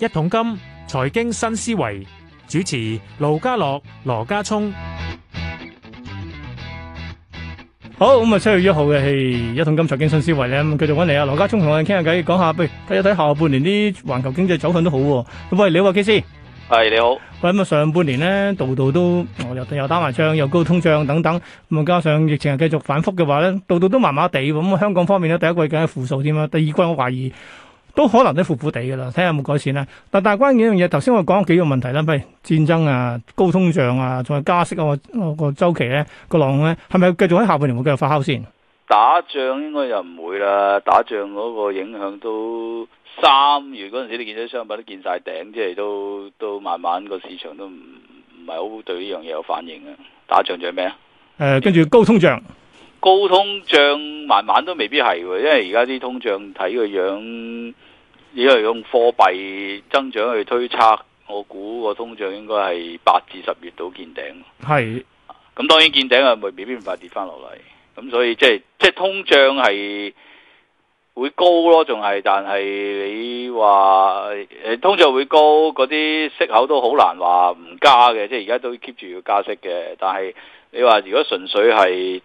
一桶金財經新思維，主持盧家樂、羅家聰，好咁啊、嗯！七月一號嘅係、嗯、一桶金財經新思維咧，咁、嗯、繼續揾你啊！羅家聰同我哋傾下偈，講下，譬如睇一睇下半年啲環球經濟走向都好、哦。咁喂，你好，啊，KC、哎，係你好。喂，咁啊，上半年呢，度度都、哦、又又打埋仗，又高通脹等等，咁啊，加上疫情繼續反复嘅話咧，度度都麻麻地咁，香港方面呢，第一季梗係負數添啦，第二季我懷疑。都可能都苦苦地噶啦，睇下有冇改善啦。嗱，但係關鍵一樣嘢，頭先我講咗幾個問題啦，喂，譬如戰爭啊、高通脹啊，仲係加息啊個個週期咧、個浪咧，係咪繼續喺下半年會繼續發酵先？打仗應該就唔會啦，打仗嗰個影響都三月。嗰陣時你見到商品都見晒頂，即係都都慢慢個市場都唔唔係好對呢樣嘢有反應啊。打仗仲係咩啊？誒、呃，跟住高通脹。高通脹慢慢都未必係喎，因為而家啲通脹睇個樣。你係用貨幣增長去推測，我估個通脹應該係八至十月到見頂。係是，咁、啊、當然見頂啊，未未必快跌翻落嚟。咁所以即係即係通脹係會高咯，仲係。但係你話誒，通脹會高，嗰啲息口都好難話唔加嘅。即係而家都 keep 住要加息嘅。但係你話如果純粹係誒、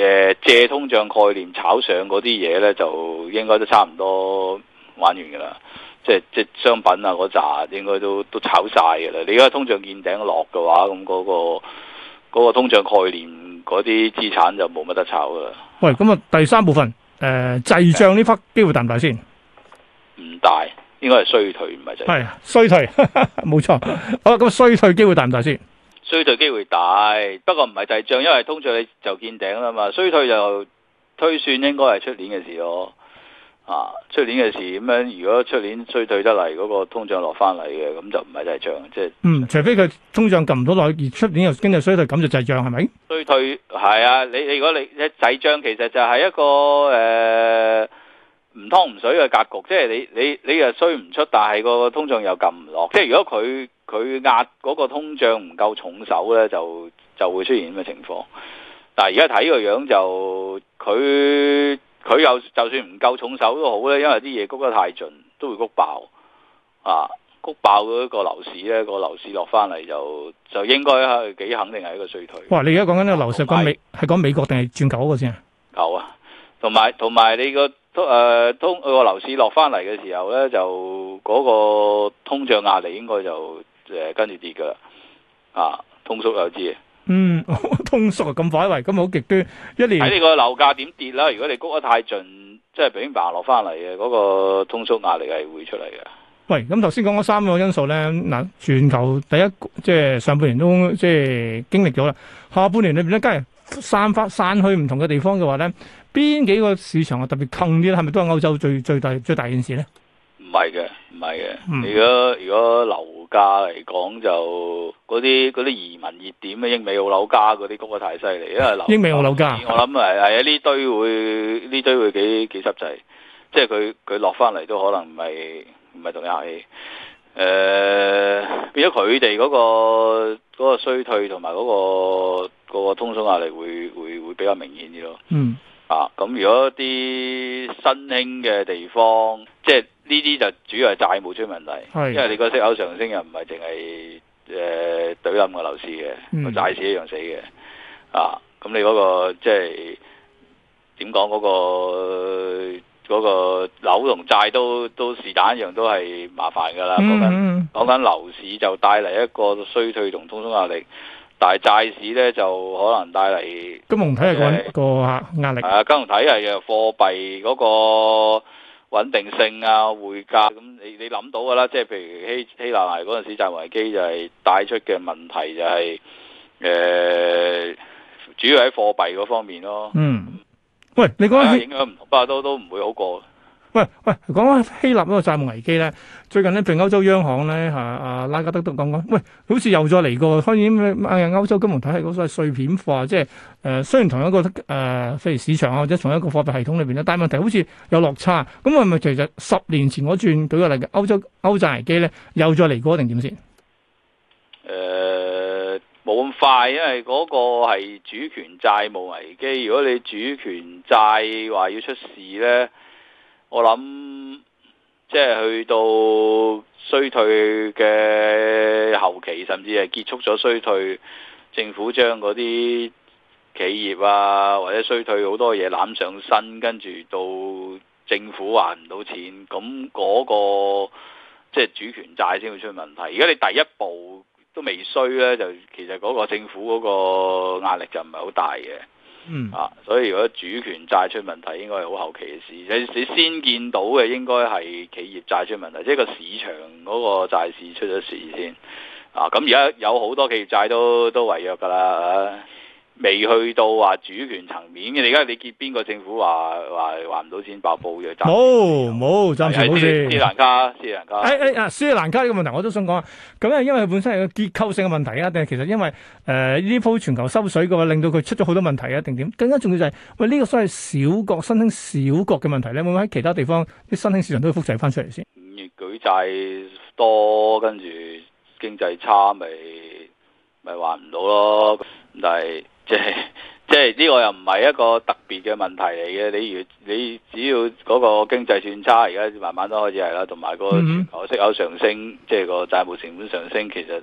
呃、借通脹概念炒上嗰啲嘢咧，就應該都差唔多。玩完噶啦，即係即係商品啊嗰扎，應該都都炒晒噶啦。你而家通脹見頂落嘅話，咁嗰、嗰個、嗰個通脹概念嗰啲資產就冇乜得炒噶啦。喂，咁啊第三部分誒滯脹呢忽機會大唔大先？唔大，應該係衰退，唔係滯，係衰退，冇錯。好啦，咁衰退機 會大唔大先？衰退機會大，不過唔係滯脹，因為通脹你就見頂啦嘛。衰退就推算應該係出年嘅事咯。啊！出年嘅事咁樣，如果出年衰退得嚟，嗰個通脹落翻嚟嘅，咁就唔係滯漲。即係嗯，除非佢通脹撳唔到落去，而出年又經濟衰退，咁就滯漲，係咪？衰退係啊，你你如果你一滯漲，其實就係一個誒唔湯唔水嘅格局。即係你你你又衰唔出，但係個通脹又撳唔落。即係如果佢佢壓嗰個通脹唔夠重手咧，就就會出現咁嘅情況。但係而家睇個樣就佢。佢又就算唔夠重手都好咧，因為啲嘢谷得太盡，都會谷爆啊！谷爆咗個樓市咧，個樓市落翻嚟就就應該係幾肯定係一個衰退。哇！你而家講緊呢個樓市講美，係講有美國定係轉九個先啊？九啊，同埋同埋你個通誒通個樓市落翻嚟嘅時候咧，就嗰個通脹壓力應該就誒、呃、跟住跌噶啦啊，通縮又知。嗯，呵呵通縮啊咁快喂，咁啊好極端。一年睇你個樓價點跌啦。如果你谷得太盡，即係俾啲麻落翻嚟嘅嗰個通縮壓力係會出嚟嘅。喂，咁頭先講嗰三個因素咧，嗱，全球第一，即係上半年都即係經歷咗啦。下半年裏面咧，梗係散發散去唔同嘅地方嘅話咧，邊幾個市場啊特別坑啲咧？係咪都係歐洲最最大最大件事咧？唔係嘅，唔係嘅。如果如果樓家嚟講就嗰啲啲移民熱點嘅英美澳樓價嗰啲谷得太犀利，因為英美澳樓價我諗係係一啲堆會，呢堆會幾幾濕滯，即係佢佢落翻嚟都可能唔係唔係同你客氣。誒、呃，變咗佢哋嗰個、嗰個衰退同埋嗰個、嗰個通縮壓力會會會比較明顯啲咯。嗯。啊，咁如果啲新興嘅地方，即係呢啲就主要係債務出問題，是因為你個息口上升又唔係淨係誒懟冧個樓市嘅，個債、嗯、市一樣死嘅。啊，咁你嗰、嗰個即係點講嗰個嗰、嗰個樓同債都都，都是但一樣，都係麻煩噶啦。講緊講緊樓市就帶嚟一個衰退同通縮壓力。但係債市咧就可能帶嚟金融體系個壓力啊、呃、金融體系嘅貨幣嗰個穩定性啊、匯價咁，你你諗到噶啦，即係譬如希希臘嗰陣時債務危機就係帶出嘅問題就係、是、誒、呃，主要喺貨幣嗰方面咯。嗯，喂，你講影響唔同，不過都唔會好過。喂喂，講返希臘嗰個債務危機咧，最近咧，譬如歐洲央行咧，嚇、啊、拉加德都講講，喂，好似又再嚟過，開始歐洲金融體系嗰個碎片化，即係誒、呃，雖然同一個誒譬、呃、如市場啊，或者同一個貨幣系統裏邊咧，但問題好似有落差，咁係咪其實十年前嗰轉舉個例嘅歐洲歐債危機咧，又再嚟過定點先？誒，冇咁、呃、快，因為嗰個係主權債務危機，如果你主權債話要出事咧。我諗，即係去到衰退嘅後期，甚至係結束咗衰退，政府將嗰啲企業啊，或者衰退好多嘢攬上身，跟住到政府還唔到錢，咁嗰個即係主權債先會出問題。如果你第一步都未衰呢，就其實嗰個政府嗰個壓力就唔係好大嘅。嗯啊，所以如果主權債出問題，應該係好後期嘅事。你先見到嘅應該係企業債出問題，即係個市場嗰個債市出咗事先。啊，咁而家有好多企業債都都違約噶啦。未去到話主權層面嘅，你而家你見邊個政府話話還唔到錢爆煲嘅？冇，冇暫時冇事。斯蘭卡，啊、斯蘭卡。誒誒、啊，啊斯里蘭卡呢個問題我都想講咁咧，因為佢本身係個結構性嘅問題啊，定係其實因為誒呢、呃、波全球收水嘅話，令到佢出咗好多問題啊？定點？更加重要就係喂呢個所謂小國新興小國嘅問題咧，會唔會喺其他地方啲新興市場都會複製翻出嚟先？五月舉債多，跟住經濟差，咪咪還唔到咯。但係。即係即係呢個又唔係一個特別嘅問題嚟嘅，你如你只要嗰個經濟轉差，而家慢慢都開始係啦，同埋個全球息口上升，即係個債務成本上升，其實。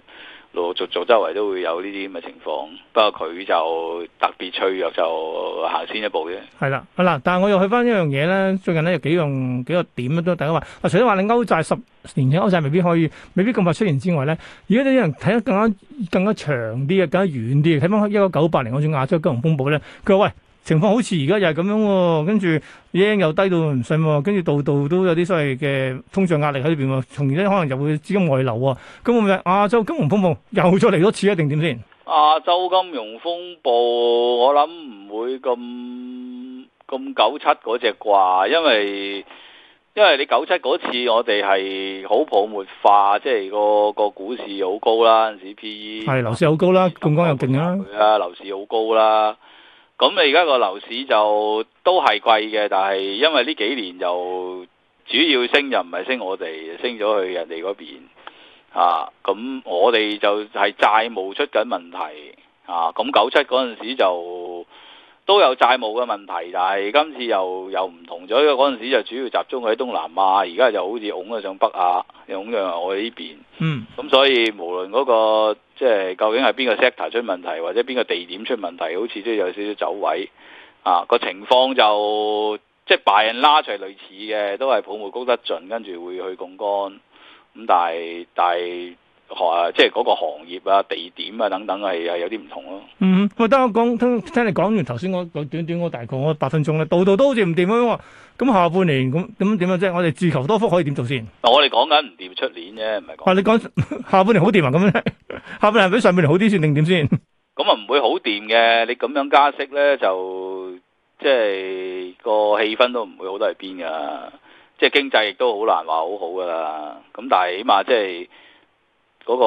陸陸續續周圍都會有呢啲咁嘅情況，不過佢就特別脆弱，就行先一步嘅。係啦，好啦，但係我又去翻一樣嘢咧，最近咧有幾樣幾個點咧都大家話，啊，除咗話你歐債十年嘅歐債未必可以，未必咁快出現之外咧，如果你啲人睇得更加更加長啲嘅，更加遠啲，睇翻一九九八年嗰種亞洲金融風暴咧，佢話，喂。情況好似而家又係咁樣喎，跟住 yen 又低到唔信喎，跟住度度都有啲所謂嘅通脹壓力喺呢邊喎，從而咧可能就會資金外流喎。咁我問亞洲金融風暴又再嚟多次啊？定點先？亞洲金融風暴我諗唔會咁咁九七嗰隻啩，因為因為你九七嗰次我哋係好泡沫化，即係個個股市好高啦，陣時 PE 係樓市好高啦，貢江又勁啦，樓市好高啦。咁你而家個樓市就都係貴嘅，但係因為呢幾年就主要升又唔係升我哋，升咗去人哋嗰邊啊。咁我哋就係債務出緊問題啊。咁九七嗰陣時就。都有債務嘅問題，但係今次又又唔同咗。嗰陣時就主要集中喺東南亞，而家就好似拱咗上北亞，又拱咗我呢邊。嗯，咁所以無論嗰、嗰個即係、即係、究竟係邊個 sector 出問題，或者邊個地點出問題，好似都有少少走位。啊，個情況就即係 by and large 類似嘅，都係泡沫高得盡，跟住會去槓桿。咁但係但係。學、啊、即係嗰個行業啊、地點啊等等係係有啲唔同咯、啊。嗯，喂，等我講，聽聽你講完頭先我短短我大概我八分鐘咧，度度都好似唔掂咁。咁下半年咁咁點樣啫？即係我哋自求多福可以點做先、啊？我哋講緊唔掂出年啫，唔係講。你講下半年好掂啊？咁樣，下半年，啊、下半年比上半年好啲先定點先？咁啊，唔會好掂嘅。你咁樣加息咧，就即係個氣氛都唔會好得係邊噶。即係經濟亦都好難話好好噶啦。咁但係起碼即係。嗰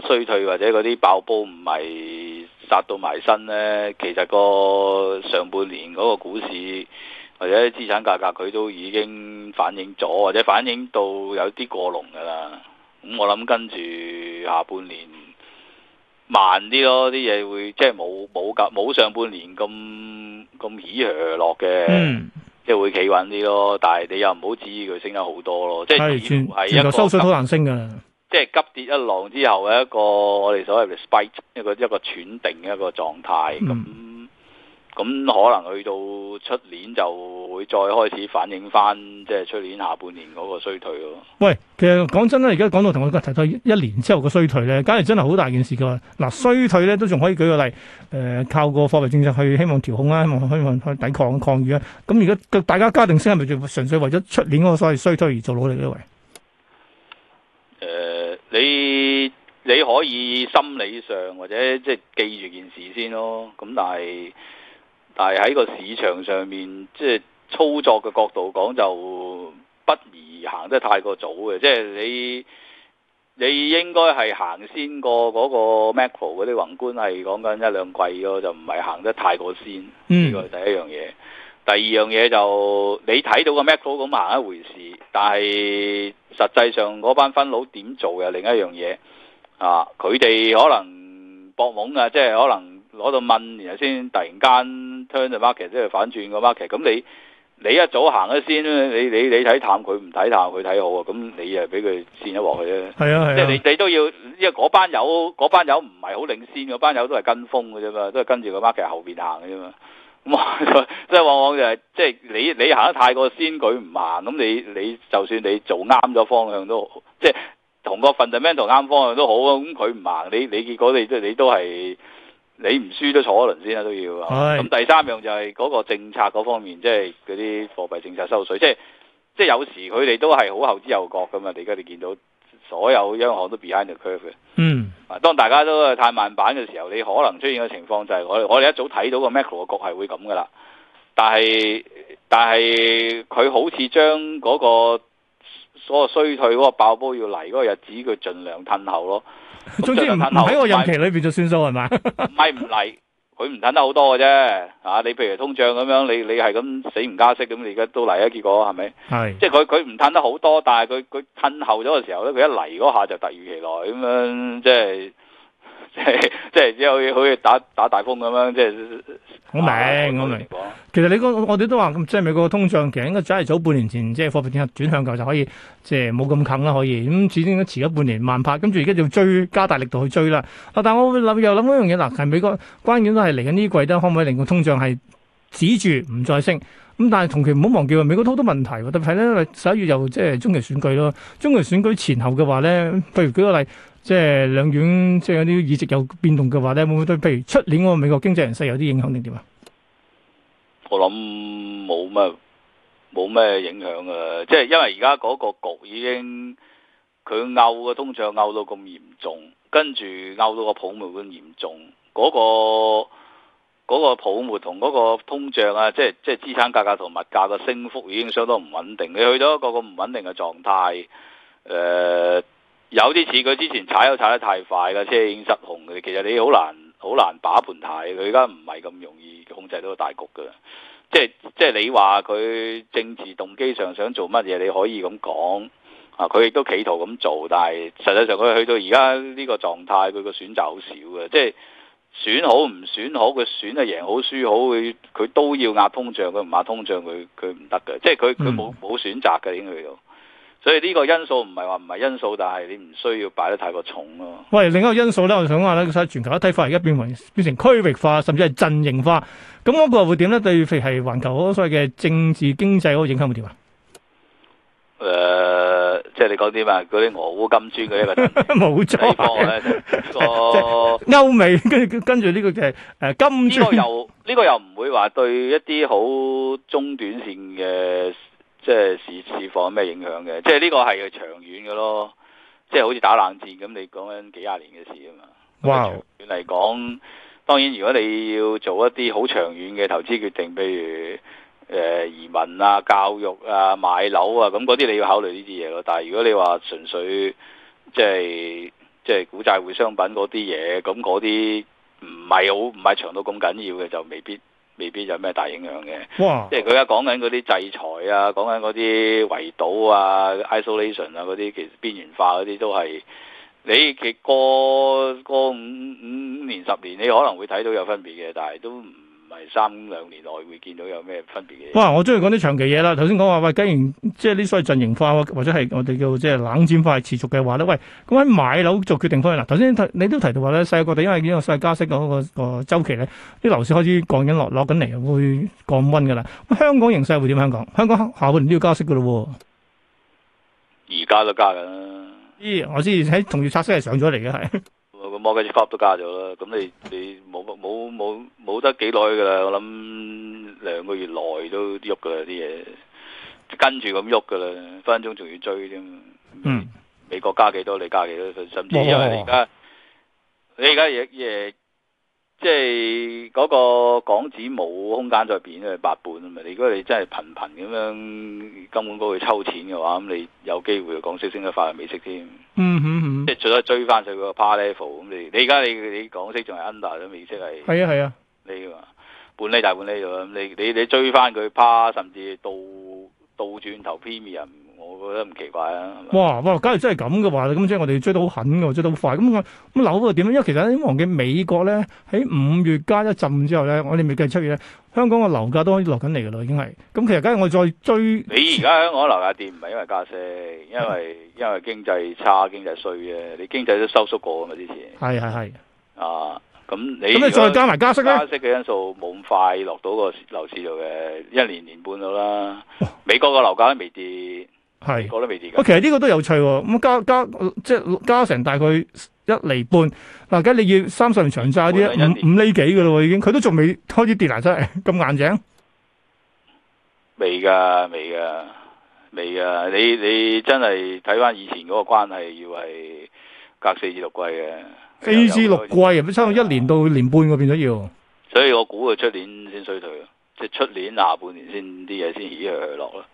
個衰退或者嗰啲爆煲唔係殺到埋身咧，其實個上半年嗰個股市或者資產價格佢都已經反映咗，或者反映到有啲過龍㗎啦。咁、嗯、我諗跟住下半年慢啲咯，啲嘢會即係冇冇冇上半年咁咁起而落嘅，即係會企穩啲咯。但係你又唔好指意佢升得好多咯，即係完全係一個收水好難升㗎。即係急跌一浪之後嘅一個，我哋所謂嘅 respite，一個一個喘定嘅一個狀態。咁咁、嗯、可能去到出年就會再開始反映翻，即係出年下半年嗰個衰退咯。喂，其實講真咧，而家講到同我提到一年之後嘅衰退咧，梗係真係好大件事嘅，嗱衰退咧都仲可以舉個例，誒、呃、靠個貨幣政策去希望調控啊，希望希望去抵抗抗御啊。咁而家大家加定息係咪純粹為咗出年嗰個所謂衰退而做努力呢？喂？你你可以心理上或者即係記住件事先咯，咁但係但係喺個市場上面即係、就是、操作嘅角度講就不宜行得太過早嘅，即、就、係、是、你你應該係行先過嗰個 macro 嗰啲宏觀係講緊一兩季咯，就唔係行得太過先，呢個係第一樣嘢。第二樣嘢就你睇到個 macro 咁行一回事，但係實際上嗰班分佬點做嘅另一樣嘢啊？佢哋可能博懵啊，即係可能攞到問，然後先突然間 turn the market 即係反轉個 market。咁你你一早行咗先，你你你睇淡佢唔睇淡佢睇好啊？咁、啊、你又俾佢先一鑊佢咧。係啊，係啊，即係你你都要，因為嗰班友嗰班友唔係好領先，嗰班友都係跟風嘅啫嘛，都係跟住個 market 後邊行嘅啫嘛。咁即係往往就係、是，即、就、係、是、你你行得太過先舉唔行，咁你你就算你做啱咗方向都，即係同個 fundamental 啱方向都好啊，咁佢唔行，你你結果你都你都係你唔輸都坐一輪先啦都要，咁是第三樣就係嗰個政策嗰方面，即係嗰啲貨幣政策、收稅，即係即係有時佢哋都係好後知後覺噶嘛，你而家你見到所有央行都 behind the curve。嗯當大家都太慢版嘅時候，你可能出現嘅情況就係我我哋一早睇到個 Macro 嘅局係會咁噶啦，但係但係佢好似將嗰個所謂衰退嗰個爆煲要嚟嗰個日子，佢盡量褪後咯。總之唔褪後唔喺我任期裏邊就算數係嘛？唔係唔嚟。 佢唔褪得好多嘅、啊、啫，啊！你譬如通脹咁樣，你你係咁死唔加息咁，你而家都嚟啊！結果係咪？係，是即係佢佢唔褪得好多，但係佢佢褪後咗嘅時候咧，佢一嚟嗰下就突如其來咁樣，即係。即係即係， 好似好似打打大風咁樣，即係好明、啊、明我明。其實你講我哋都話，即係美國嘅通脹其實應該早係早半年前，即係貨幣政策轉向就就可以，即係冇咁近啦。可以咁，始終應該遲咗半年慢拍，跟住而家就要追加大力度去追啦。但係我諗又諗一樣嘢啦，係美國關鍵都係嚟緊呢季，得可唔可以令個通脹係止住唔再升？咁但係同期唔好忘記，美國好多問題，特別係咧十一月又即係中期選舉咯。中期選舉前後嘅話咧，譬如舉個例。即係兩院，即係有啲議席有變動嘅話咧，會唔會對譬如出年個美國經濟形勢有啲影響定點啊？我諗冇咩冇咩影響啊！即係因為而家嗰個局已經佢拗個通脹拗到咁嚴重，跟住拗到個泡沫咁嚴重，嗰、嗰個、嗰個泡沫同嗰個通脹啊，即係即係資產價格同物價嘅升幅已經相當唔穩定。你去到一個個唔穩定嘅狀態，誒、呃。有啲似佢之前踩都踩得太快啦，車已經失控嘅。其實你好難好難把盤睇，佢而家唔係咁容易控制到個大局嘅。即係即係你話佢政治動機上想做乜嘢，你可以咁講。啊，佢亦都企圖咁做，但係實際上佢去到而家呢個狀態，佢個選擇好少嘅。即係選好唔選好，佢選啊贏好輸好，佢佢都要壓通脹，佢唔壓通脹，佢佢唔得嘅。即係佢佢冇冇選擇嘅，已經去到。所以呢個因素唔係話唔係因素，但係你唔需要擺得太過重咯、啊。喂，另一個因素咧，我想話咧，而全球一體化而家變為，變成區域化，甚至係陣營化。咁嗰個會點咧？對譬如係環球嗰個所謂嘅政治經濟嗰個影響會點啊？誒，即係你講啲嘛？嗰啲俄烏金磚嗰一個 歐，冇錯咧，呢個歐美跟住跟住呢個嘅誒金磚，呢個又呢、這個又唔會話對一啲好中短線嘅。即係釋釋放咩影響嘅？即係呢個係長遠嘅咯，即係好似打冷戰咁，你講緊幾廿年嘅事啊嘛。哇！Wow. 長遠嚟講，當然如果你要做一啲好長遠嘅投資決定，譬如誒、呃、移民啊、教育啊、買樓啊，咁嗰啲你要考慮呢啲嘢咯。但係如果你話純粹即係即係股債匯商品嗰啲嘢，咁嗰啲唔係好唔係長到咁緊要嘅，就未必。未必有咩大影響嘅，即係佢而家講緊嗰啲制裁啊，講緊嗰啲圍堵啊、isolation 啊嗰啲，其實邊緣化嗰啲都係你其過過五五五年十年，你可能會睇到有分別嘅，但係都唔。三兩年內會見到有咩分別嘅？哇！我中意講啲長期嘢啦。頭先講話喂，既然即係呢所謂陣營化或者係我哋叫即係冷戰化持續嘅話咧，喂，咁喺買樓做決定方面啦。頭先你都提到話咧，世界各地因為呢個細加息嗰、嗰個嗰個周期咧，啲樓市開始降緊落，落落緊嚟，會降溫噶啦。香港形勢會點樣講？香港下半年都要加息噶咯喎。而家都加噶啦。咦、哎，我知，喺同業拆息係上咗嚟嘅，係。我個摩根士科都加咗啦，咁你你冇冇冇冇得幾耐㗎喇？我諗兩個月內都喐㗎喇啲嘢，跟住咁喐㗎喇，分分鐘仲要追添。嗯，美國加幾多你加幾多，甚至因為而家你而家嘢。Yeah, yeah, yeah. 即係嗰、那個港紙冇空間再變，因為八本啊嘛。如果你真係頻頻咁樣金管局去抽錢嘅話，咁你有機會港息升得快過美息添、嗯。嗯哼、嗯、即係除咗追翻佢個 par level。咁你你而家你你港息仲係 under，都美息係係啊係啊，啊你個半厘大半厘㗎你你你追翻佢趴，甚至倒倒轉頭 premium 啊！我覺得唔奇怪啊！哇哇，假如真係咁嘅話咧，咁即係我哋追得好狠嘅，追得好快。咁個咁樓又點咧？因為其實啲忘記美國咧，喺五月加一浸之後咧，我哋未計七月咧，香港嘅樓價都可以落緊嚟噶啦，已經係。咁其實梗係我再追，你而家香港樓價跌唔係因為加息，因為的因為經濟差、經濟衰嘅，你經濟都收縮過啊嘛，之前係係係啊。咁你咁你再加埋加息咧？加息嘅因素冇咁快落到個樓市度嘅，一年年半到啦。 美國個樓價都未跌。係，我都未跌。我其實呢個都有趣，咁加加即係加成大概一厘半嗱，咁你要三十年長債啲五五厘幾嘅咯，已經佢都仲未開始跌埋出嚟，咁硬淨？未㗎，未㗎，未㗎。你你真係睇返以前嗰個關係，要係隔四至六季嘅。四至六季，都差唔多一年到年半嘅，變咗要。所以我估佢，出年先衰退，即係出年下半年先啲嘢先起起落咯，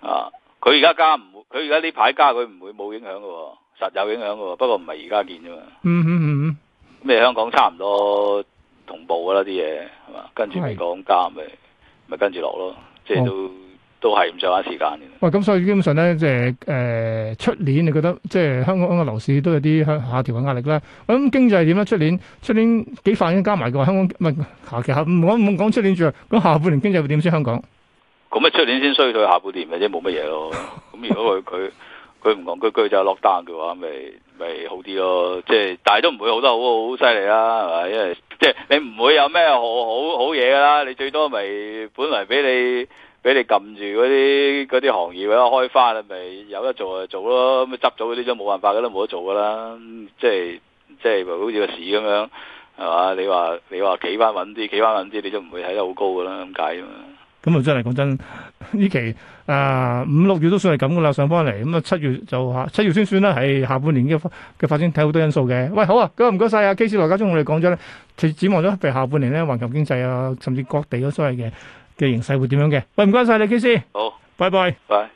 啊。佢而家加唔會佢而家呢排加佢唔會冇影響嘅、哦，實有影響嘅。不過唔係而家見啫嘛。嗯嗯嗯，咩香港差唔多同步噶啦啲嘢，係嘛？跟住嚟講，加咪咪跟住落咯，哦、即係都都係唔上翻，時間嘅。喂、哦，咁所以基本上咧，即係誒出年你覺得即係、就是、香港香港樓市都有啲下下調嘅壓力啦。咁經濟點咧？出年出年，年幾萬億加埋嘅話，香港唔係下期吓，我唔講出年住，咁下半年經濟會點先？香港？咁啊，出年先衰退下，下半年或者冇乜嘢咯。咁如果佢佢佢唔戇居居就落單嘅話，咪咪好啲咯。即係，但係都唔會好得好好犀利啦，係咪？因為即係你唔會有咩好好好嘢噶啦。你最多咪本嚟俾你俾你撳住嗰啲嗰啲行業啊開翻，你咪有得做啊做咯。咁執咗呢啲都冇辦法噶啦，冇得做噶啦。即係即係好似個市咁樣係嘛？你話你話企翻穩啲，企翻穩啲，你，你都唔會睇得好高噶啦，咁解啊嘛。咁啊真係講真呢期啊、呃、五六月都算係咁噶啦，上翻嚟咁啊七月就下七月先算啦，係、哎、下半年嘅嘅發展睇好多因素嘅。喂好啊，咁啊唔該晒啊，K 師羅家聰，我哋講咗咧，指望咗譬如下半年咧環球經濟啊，甚至各地嘅所謂嘅嘅形勢會點樣嘅？喂唔該晒你 K 師，好，拜拜，拜。Bye.